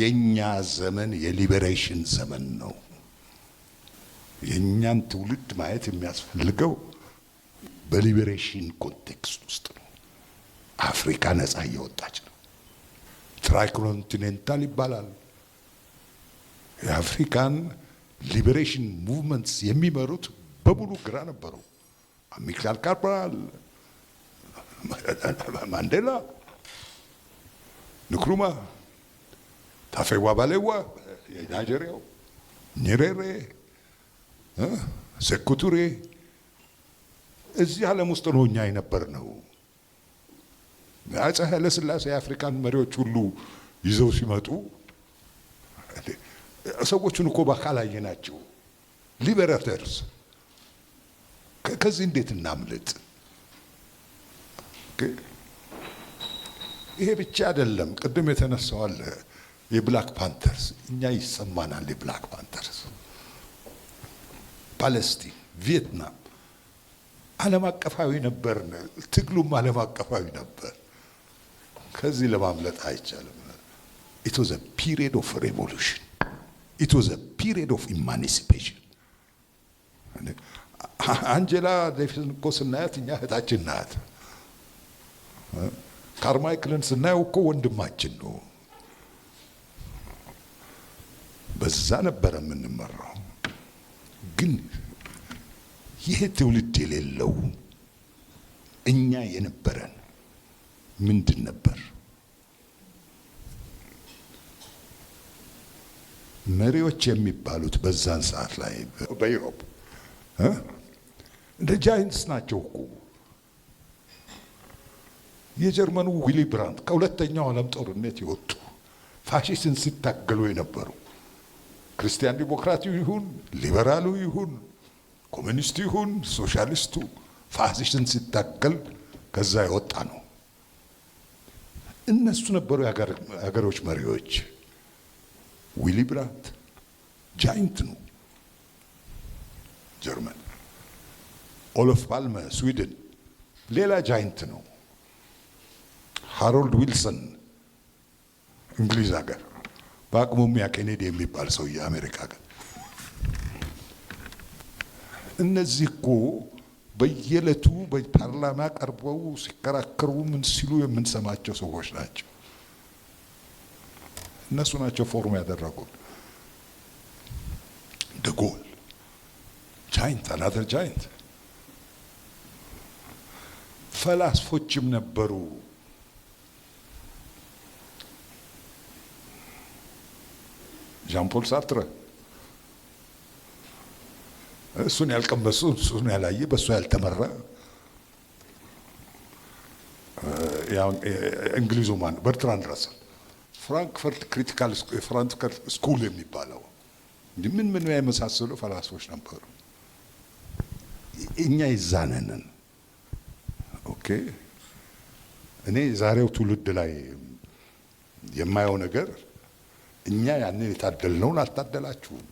የኛ ዘመን የሊበሬሽን ዘመን ነው። የእኛን ትውልድ ማየት የሚያስፈልገው በሊበሬሽን ኮንቴክስት ውስጥ ነው። አፍሪካ ነፃ እየወጣች ነው። ትራይኮንቲኔንታል ይባላል። የአፍሪካን ሊበሬሽን ሙቭመንትስ የሚመሩት በሙሉ ግራ ነበሩ። አሚክላል ካርባል፣ ማንዴላ፣ ንክሩማ ታፌዋ ባሌዋ የናይጄሪያው፣ ኒሬሬ፣ ሴኩቱሬ እዚህ ዓለም ውስጥ ነው እኛ የነበር ነው። አፄ ኃይለ ሥላሴ የአፍሪካን መሪዎች ሁሉ ይዘው ሲመጡ ሰዎቹን እኮ በአካል አየናቸው። ሊበረተርስ ከዚህ እንዴት እናምልጥ? ይሄ ብቻ አይደለም። ቅድም የተነሳው አለ የብላክ ፓንተርስ እኛ ይሰማናል። የብላክ ፓንተርስ ፓለስቲን፣ ቪየትናም ዓለም አቀፋዊ ነበር። ትግሉም ዓለም አቀፋዊ ነበር። ከዚህ ለማምለጥ አይቻልም። ኢት ዋዝ አ ፒሪየድ ኦፍ ሬቮሉሽን ኢት ዋዝ አ ኦፍ ኢማኒሲፔሽን። አንጀላ ዴቪስን እኮ ስናያት እኛ እህታችን ናት። ካርማይክልን ስናየው እኮ ወንድማችን ነው። በዛ ነበረ የምንመራው። ግን ይሄ ትውልድ የሌለው እኛ የነበረን ምንድን ነበር? መሪዎች የሚባሉት በዛን ሰዓት ላይ በዩሮፕ እንደ ጃይንትስ ናቸው እኮ። የጀርመኑ ዊሊ ብራንት ከሁለተኛው ዓለም ጦርነት የወጡ ፋሽስትን ሲታገሉ የነበሩ ክርስቲያን ዲሞክራቲው ይሁን ሊበራሉ ይሁን ኮሚኒስቱ ይሁን ሶሻሊስቱ ፋሲስትን ሲታገል ከዛ የወጣ ነው። እነሱ ነበሩ የሀገሮች መሪዎች። ዊሊ ብራንት ጃይንት ነው ጀርመን። ኦሎፍ ፓልመ ስዊድን ሌላ ጃይንት ነው። ሃሮልድ ዊልሰን እንግሊዝ ሀገር በአቅሙ ኬኔዲ የሚባል ሰው የአሜሪካ ጋር እነዚህ እኮ በየዕለቱ በፓርላማ ቀርበው ሲከራከሩ ምን ሲሉ የምንሰማቸው ሰዎች ናቸው። እነሱ ናቸው ፎርም ያደረጉት። ደጎል ጃይንት አናተር ጃይንት ፈላስፎችም ነበሩ። ዣምፖል ሳርትረ እሱን ያልቀመሱ እሱን ያላየ በእሱ ያልተመራ እንግሊዙ ማን በርትራንድ ራስል ፍራንክፈርት ክሪቲካል ፍራንክፈርት ስኩል የሚባለው እንዲህ ምን ምን የመሳሰሉ ፈላስፎች ነበሩ። እኛ ይዛነንን ኦኬ። እኔ ዛሬው ትውልድ ላይ የማየው ነገር እኛ ያንን የታደልነውን አልታደላችሁም።